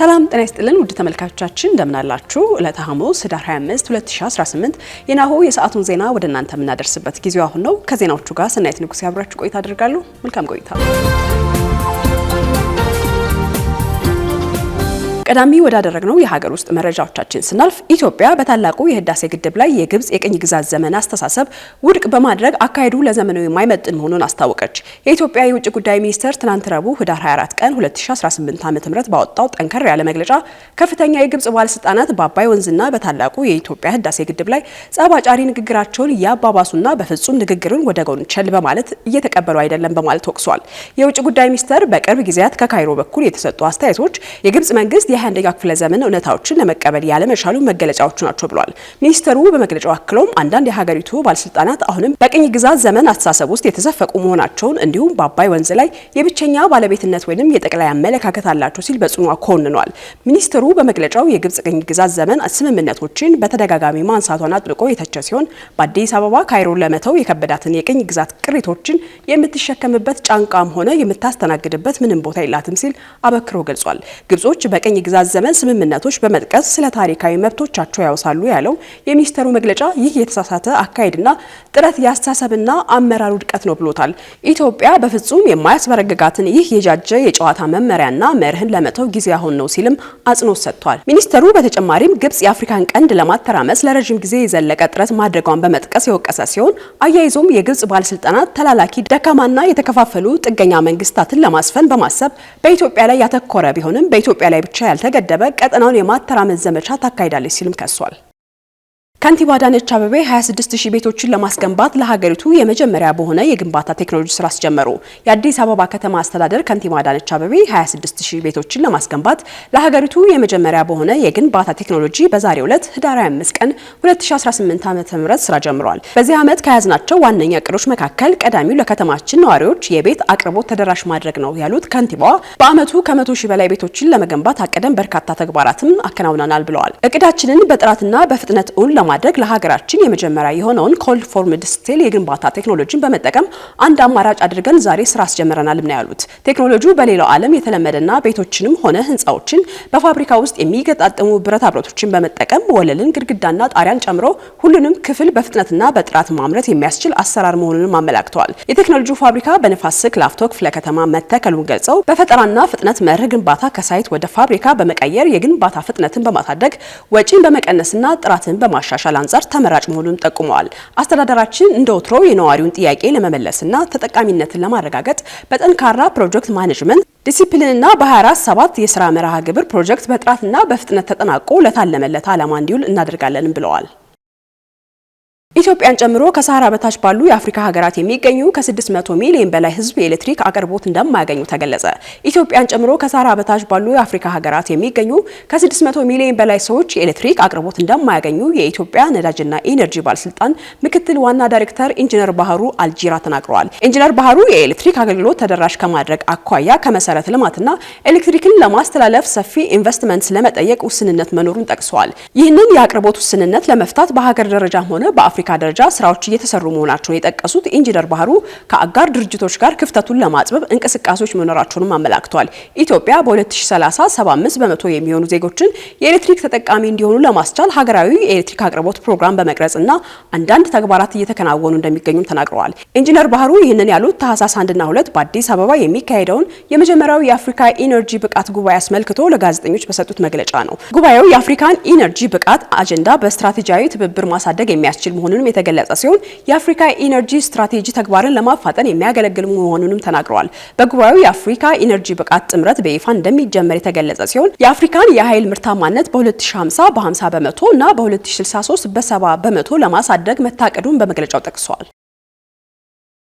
ሰላም ጤና ይስጥልን ውድ ተመልካቾቻችን እንደምናላችሁ። ዕለተ ሐሙስ ህዳር 25 2018 የናሆ የሰዓቱን ዜና ወደ እናንተ የምናደርስበት ጊዜው አሁን ነው። ከዜናዎቹ ጋር ሰናይት ንጉሴ አብራችሁ ቆይታ አድርጋለሁ። መልካም ቆይታ ቀዳሚ ወዳደረግነው የሀገር ውስጥ መረጃዎቻችን ስናልፍ ኢትዮጵያ በታላቁ የህዳሴ ግድብ ላይ የግብጽ የቅኝ ግዛት ዘመን አስተሳሰብ ውድቅ በማድረግ አካሄዱ ለዘመኑ የማይመጥን መሆኑን አስታወቀች። የኢትዮጵያ የውጭ ጉዳይ ሚኒስቴር ትናንት ረቡዕ ህዳር 24 ቀን 2018 ዓ.ም ባወጣው ጠንከር ያለ መግለጫ ከፍተኛ የግብጽ ባለስልጣናት በአባይ ወንዝና በታላቁ የኢትዮጵያ ህዳሴ ግድብ ላይ ጸባጫሪ ንግግራቸውን እያባባሱና በፍጹም ንግግርን ወደ ጎን ቸል በማለት እየተቀበሉ አይደለም በማለት ወቅሷል። የውጭ ጉዳይ ሚኒስቴር በቅርብ ጊዜያት ከካይሮ በኩል የተሰጡ አስተያየቶች የግብጽ መንግስት የ 21 ክፍለ ዘመን እውነታዎችን ለመቀበል ያለመቻሉ መገለጫዎቹ ናቸው ብሏል። ሚኒስተሩ በመግለጫው አክለውም አንዳንድ የሀገሪቱ ባለስልጣናት አሁንም በቅኝ ግዛት ዘመን አስተሳሰብ ውስጥ የተዘፈቁ መሆናቸውን እንዲሁም በአባይ ወንዝ ላይ የብቸኛ ባለቤትነት ወይም የጠቅላይ አመለካከት አላቸው ሲል በጽኑ ኮንኗል። ሚኒስትሩ በመግለጫው የግብጽ ቅኝ ግዛት ዘመን ስምምነቶችን በተደጋጋሚ ማንሳቷን አጥብቆ የተቸ ሲሆን በአዲስ አበባ ካይሮ ለመተው የከበዳትን የቅኝ ግዛት ቅሪቶችን የምትሸከምበት ጫንቃም ሆነ የምታስተናግድበት ምንም ቦታ የላትም ሲል አበክሮ ገልጿል። ግብጾች በቅኝ አገዛዝ ዘመን ስምምነቶች በመጥቀስ ስለ ታሪካዊ መብቶቻቸው ያውሳሉ ያለው የሚኒስተሩ መግለጫ ይህ የተሳሳተ አካሄድና ጥረት የአስተሳሰብና አመራር ውድቀት ነው ብሎታል። ኢትዮጵያ በፍጹም የማያስበረግጋትን ይህ የጃጀ የጨዋታ መመሪያና መርህን ለመተው ጊዜ አሁን ነው ሲልም አጽንኦት ሰጥቷል። ሚኒስተሩ በተጨማሪም ግብጽ የአፍሪካን ቀንድ ለማተራመስ ለረዥም ጊዜ የዘለቀ ጥረት ማድረጓን በመጥቀስ የወቀሰ ሲሆን አያይዞም የግብጽ ባለስልጣናት ተላላኪ ደካማና የተከፋፈሉ ጥገኛ መንግስታትን ለማስፈን በማሰብ በኢትዮጵያ ላይ ያተኮረ ቢሆንም በኢትዮጵያ ላይ ብቻ ያልተገደበ ቀጠናውን የማተራመስ ዘመቻ ታካሂዳለች ሲልም ከሷል። ከንቲባ አዳነች አቤቤ 26 ሺህ ቤቶችን ለማስገንባት ለሀገሪቱ የመጀመሪያ በሆነ የግንባታ ቴክኖሎጂ ስራ አስጀመሩ። የአዲስ አበባ ከተማ አስተዳደር ከንቲባ አዳነች አቤቤ 26 ሺህ ቤቶችን ለማስገንባት ለሀገሪቱ የመጀመሪያ በሆነ የግንባታ ቴክኖሎጂ በዛሬው ዕለት ህዳር 25 ቀን 2018 ዓ.ም ስራ ጀምሯል። በዚህ ዓመት ከያዝናቸው ዋነኛ እቅዶች መካከል ቀዳሚው ለከተማችን ነዋሪዎች የቤት አቅርቦት ተደራሽ ማድረግ ነው ያሉት ከንቲባዋ በዓመቱ ከ ሺህ በላይ ቤቶችን ለመገንባት አቅደን በርካታ ተግባራትም አከናውነናል ብለዋል። እቅዳችንን በጥራትና በፍጥነት እውን በማድረግ ለሀገራችን የመጀመሪያ የሆነውን ኮልድ ፎርምድ ስቲል የግንባታ ቴክኖሎጂን በመጠቀም አንድ አማራጭ አድርገን ዛሬ ስራ አስጀምረናል ነው ያሉት። ቴክኖሎጂው በሌላው ዓለም የተለመደና ቤቶችንም ሆነ ህንፃዎችን በፋብሪካ ውስጥ የሚገጣጠሙ ብረታ ብረቶችን በመጠቀም ወለልን፣ ግድግዳና ጣሪያን ጨምሮ ሁሉንም ክፍል በፍጥነትና በጥራት ማምረት የሚያስችል አሰራር መሆኑንም አመላክተዋል። የቴክኖሎጂው ፋብሪካ በንፋስ ስልክ ላፍቶ ክፍለ ከተማ መተከሉን ገልጸው በፈጠራና ፍጥነት መርህ ግንባታ ከሳይት ወደ ፋብሪካ በመቀየር የግንባታ ፍጥነትን በማሳደግ ወጪን በመቀነስና ጥራትን በማሻሻል ማሻሻል አንጻር ተመራጭ መሆኑን ጠቁመዋል። አስተዳደራችን እንደ ወትሮው የነዋሪውን ጥያቄ ለመመለስና ተጠቃሚነትን ለማረጋገጥ በጠንካራ ፕሮጀክት ማኔጅመንት ዲሲፕሊንና በ247 የስራ መርሃ ግብር ፕሮጀክት በጥራትና በፍጥነት ተጠናቆ ለታለመለት ዓላማ እንዲውል እናደርጋለን ብለዋል። ኢትዮጵያን ጨምሮ ከሳህራ በታች ባሉ የአፍሪካ ሀገራት የሚገኙ ከ600 ሚሊዮን በላይ ህዝብ የኤሌክትሪክ አቅርቦት እንደማያገኙ ተገለጸ። ኢትዮጵያን ጨምሮ ከሳህራ በታች ባሉ የአፍሪካ ሀገራት የሚገኙ ከ600 ሚሊዮን በላይ ሰዎች የኤሌክትሪክ አቅርቦት እንደማያገኙ የኢትዮጵያ ነዳጅና ኢነርጂ ባለስልጣን ምክትል ዋና ዳይሬክተር ኢንጂነር ባህሩ አልጂራ ተናግረዋል። ኢንጂነር ባህሩ የኤሌክትሪክ አገልግሎት ተደራሽ ከማድረግ አኳያ ከመሰረተ ልማትና ኤሌክትሪክን ለማስተላለፍ ሰፊ ኢንቨስትመንት ለመጠየቅ ውስንነት መኖሩን ጠቅሰዋል። ይህንን የአቅርቦት ውስንነት ለመፍታት በሀገር ደረጃም ሆነ በአፍሪ በአፍሪካ ደረጃ ስራዎች እየተሰሩ መሆናቸውን የጠቀሱት ኢንጂነር ባህሩ ከአጋር ድርጅቶች ጋር ክፍተቱን ለማጥበብ እንቅስቃሴዎች መኖራቸውንም አመላክተዋል። ኢትዮጵያ በ2030 75 በመቶ የሚሆኑ ዜጎችን የኤሌክትሪክ ተጠቃሚ እንዲሆኑ ለማስቻል ሀገራዊ የኤሌክትሪክ አቅርቦት ፕሮግራም በመቅረጽና አንዳንድ ተግባራት እየተከናወኑ እንደሚገኙም ተናግረዋል። ኢንጂነር ባህሩ ይህንን ያሉት ታህሳስ አንድና ሁለት በአዲስ አበባ የሚካሄደውን የመጀመሪያው የአፍሪካ ኢነርጂ ብቃት ጉባኤ አስመልክቶ ለጋዜጠኞች በሰጡት መግለጫ ነው። ጉባኤው የአፍሪካን ኢነርጂ ብቃት አጀንዳ በስትራቴጂያዊ ትብብር ማሳደግ የሚያስችል መሆኑ መሆኑንም የተገለጸ ሲሆን የአፍሪካ ኢነርጂ ስትራቴጂ ተግባርን ለማፋጠን የሚያገለግል መሆኑንም ተናግረዋል። በጉባኤው የአፍሪካ ኢነርጂ ብቃት ጥምረት በይፋ እንደሚጀመር የተገለጸ ሲሆን የአፍሪካን የኃይል ምርታማነት በ2050 በ50 በመቶ እና በ2063 በ70 በመቶ ለማሳደግ መታቀዱን በመግለጫው ጠቅሷል።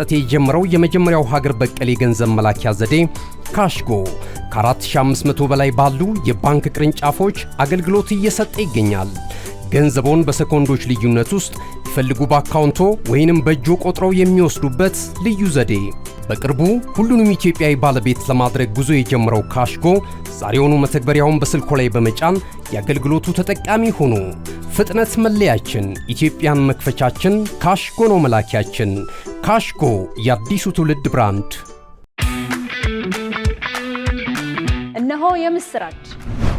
መስጠት የጀመረው የመጀመሪያው ሀገር በቀል የገንዘብ መላኪያ ዘዴ ካሽጎ ከ4500 በላይ ባሉ የባንክ ቅርንጫፎች አገልግሎት እየሰጠ ይገኛል። ገንዘቦን በሰኮንዶች ልዩነት ውስጥ ይፈልጉ በአካውንቶ ወይንም በእጆ ቆጥረው የሚወስዱበት ልዩ ዘዴ በቅርቡ ሁሉንም ኢትዮጵያዊ ባለቤት ለማድረግ ጉዞ የጀመረው ካሽጎ ዛሬውኑ መተግበሪያውን በስልኮ ላይ በመጫን የአገልግሎቱ ተጠቃሚ ሆኑ። ፍጥነት መለያችን፣ ኢትዮጵያን መክፈቻችን፣ ካሽጎ ነው መላኪያችን። ካሽጎ የአዲሱ ትውልድ ብራንድ። እነሆ የምስራች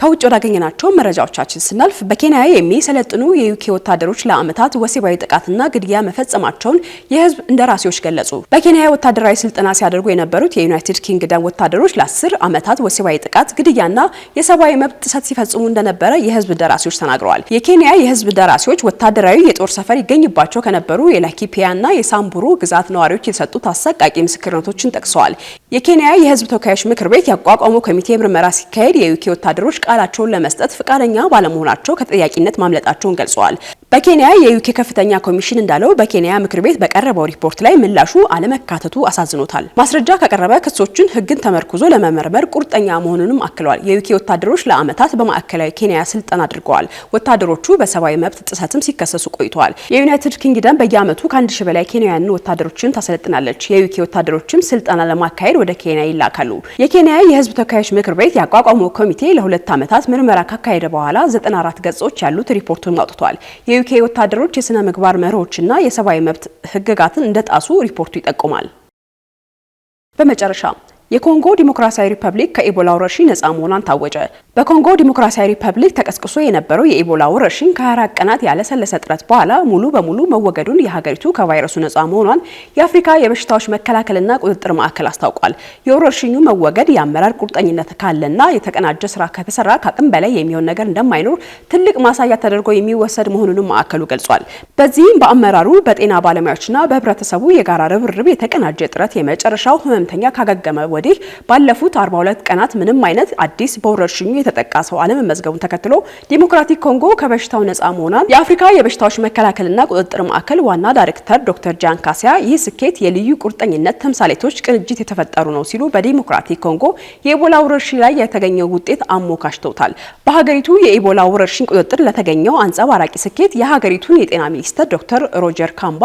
ከውጭ ወዳገኘናቸው መረጃዎቻችን ስናልፍ በኬንያ የሚሰለጥኑ የዩኬ ወታደሮች ለዓመታት ወሲባዊ ጥቃትና ግድያ መፈጸማቸውን የህዝብ እንደራሴዎች ገለጹ። በኬንያ ወታደራዊ ስልጠና ሲያደርጉ የነበሩት የዩናይትድ ኪንግደም ወታደሮች ለአስር ዓመታት ወሲባዊ ጥቃት፣ ግድያና የሰብአዊ መብት ጥሰት ሲፈጽሙ እንደነበረ የህዝብ እንደራሴዎች ተናግረዋል። የኬንያ የሕዝብ እንደራሴዎች ወታደራዊ የጦር ሰፈር ይገኝባቸው ከነበሩ የላኪፒያና የሳምቡሩ ግዛት ነዋሪዎች የተሰጡት አሰቃቂ ምስክርነቶችን ጠቅሰዋል። የኬንያ የህዝብ ተወካዮች ምክር ቤት ያቋቋመው ኮሚቴ ምርመራ ሲካሄድ የዩኬ ወታደሮች ቃላቸውን ለመስጠት ፈቃደኛ ባለመሆናቸው ከተጠያቂነት ማምለጣቸውን ገልጸዋል። በኬንያ የዩኬ ከፍተኛ ኮሚሽን እንዳለው በኬንያ ምክር ቤት በቀረበው ሪፖርት ላይ ምላሹ አለመካተቱ አሳዝኖታል። ማስረጃ ከቀረበ ክሶችን ህግን ተመርኩዞ ለመመርመር ቁርጠኛ መሆኑንም አክለዋል። የዩኬ ወታደሮች ለዓመታት በማዕከላዊ ኬንያ ስልጠና አድርገዋል። ወታደሮቹ በሰብአዊ መብት ጥሰትም ሲከሰሱ ቆይተዋል። የዩናይትድ ኪንግደም በየዓመቱ ከአንድ ሺ በላይ ኬንያውያን ወታደሮችን ታሰለጥናለች። የዩኬ ወታደሮችም ስልጠና ለማካሄድ ወደ ኬንያ ይላካሉ። የኬንያ የህዝብ ተወካዮች ምክር ቤት ያቋቋመው ኮሚቴ ለሁለት ዓመታት ምርመራ ካካሄደ በኋላ 94 ገጾች ያሉት ሪፖርቱን አውጥቷል። የዩኬ ወታደሮች የሥነ ምግባር መርሆችና የሰብአዊ መብት ህግጋትን እንደጣሱ ሪፖርቱ ይጠቁማል። በመጨረሻ የኮንጎ ዲሞክራሲያዊ ሪፐብሊክ ከኢቦላ ወረርሽኝ ነፃ መሆኗን ታወጀ። በኮንጎ ዲሞክራሲያዊ ሪፐብሊክ ተቀስቅሶ የነበረው የኢቦላ ወረርሽኝ ከ24 ቀናት ያለሰለሰ ጥረት በኋላ ሙሉ በሙሉ መወገዱን የሀገሪቱ ከቫይረሱ ነፃ መሆኗን የአፍሪካ የበሽታዎች መከላከልና ቁጥጥር ማዕከል አስታውቋል። የወረርሽኙ መወገድ የአመራር ቁርጠኝነት ካለና የተቀናጀ ስራ ከተሰራ ከአቅም በላይ የሚሆን ነገር እንደማይኖር ትልቅ ማሳያ ተደርጎ የሚወሰድ መሆኑንም ማዕከሉ ገልጿል። በዚህም በአመራሩ በጤና ባለሙያዎችና በህብረተሰቡ የጋራ ርብርብ የተቀናጀ ጥረት የመጨረሻው ህመምተኛ ካገገመ ወዲህ ባለፉት 42 ቀናት ምንም አይነት አዲስ በወረርሽኙ የተጠቃሰው አለመመዝገቡን ተከትሎ ዲሞክራቲክ ኮንጎ ከበሽታው ነፃ መሆኗን የአፍሪካ የበሽታዎች መከላከልና ቁጥጥር ማዕከል ዋና ዳይሬክተር ዶክተር ጃን ካሲያ ይህ ስኬት የልዩ ቁርጠኝነት ተምሳሌቶች ቅንጅት የተፈጠሩ ነው ሲሉ በዲሞክራቲክ ኮንጎ የኢቦላ ወረርሽኝ ላይ የተገኘው ውጤት አሞካሽተውታል። በሀገሪቱ የኢቦላ ወረርሽኝ ቁጥጥር ለተገኘው አንጸባራቂ ስኬት የሀገሪቱን የጤና ሚኒስትር ዶክተር ሮጀር ካምባ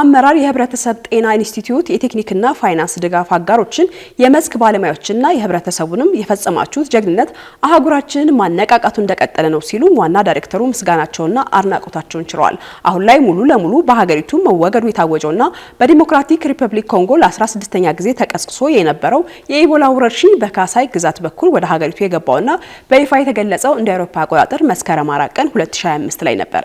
አመራር የህብረተሰብ ጤና ኢንስቲትዩት የቴክኒክና ፋይናንስ ድጋፍ አጋሮችን፣ የመስክ ባለሙያዎችና የህብረተሰቡንም የፈጸማችሁት ጀግንነት አ ጸጉራችንን ማነቃቃቱ እንደቀጠለ ነው ሲሉ ዋና ዳይሬክተሩ ምስጋናቸውና አድናቆታቸውን ችረዋል። አሁን ላይ ሙሉ ለሙሉ በሀገሪቱ መወገዱ የታወጀውና በዲሞክራቲክ ሪፐብሊክ ኮንጎ ለ16ኛ ጊዜ ተቀስቅሶ የነበረው የኢቦላ ወረርሽኝ በካሳይ ግዛት በኩል ወደ ሀገሪቱ የገባውና በይፋ የተገለጸው እንደ አውሮፓ አቆጣጠር መስከረም አራት ቀን 2025 ላይ ነበረ።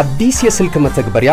አዲስ የስልክ መተግበሪያ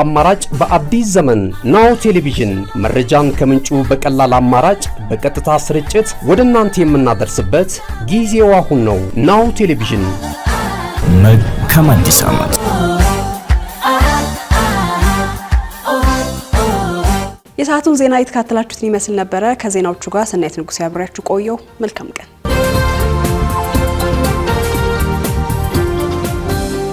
አማራጭ በአዲስ ዘመን ናሁ ቴሌቪዥን መረጃን ከምንጩ በቀላል አማራጭ በቀጥታ ስርጭት ወደ እናንተ የምናደርስበት ጊዜው አሁን ነው። ናሁ ቴሌቪዥን መልካም አዲስ ዓመት። የሰዓቱን ዜና የተካተላችሁትን ይመስል ነበረ። ከዜናዎቹ ጋር ሰናይት ንጉሴ አብሬያችሁ ቆየሁ። መልካም ቀን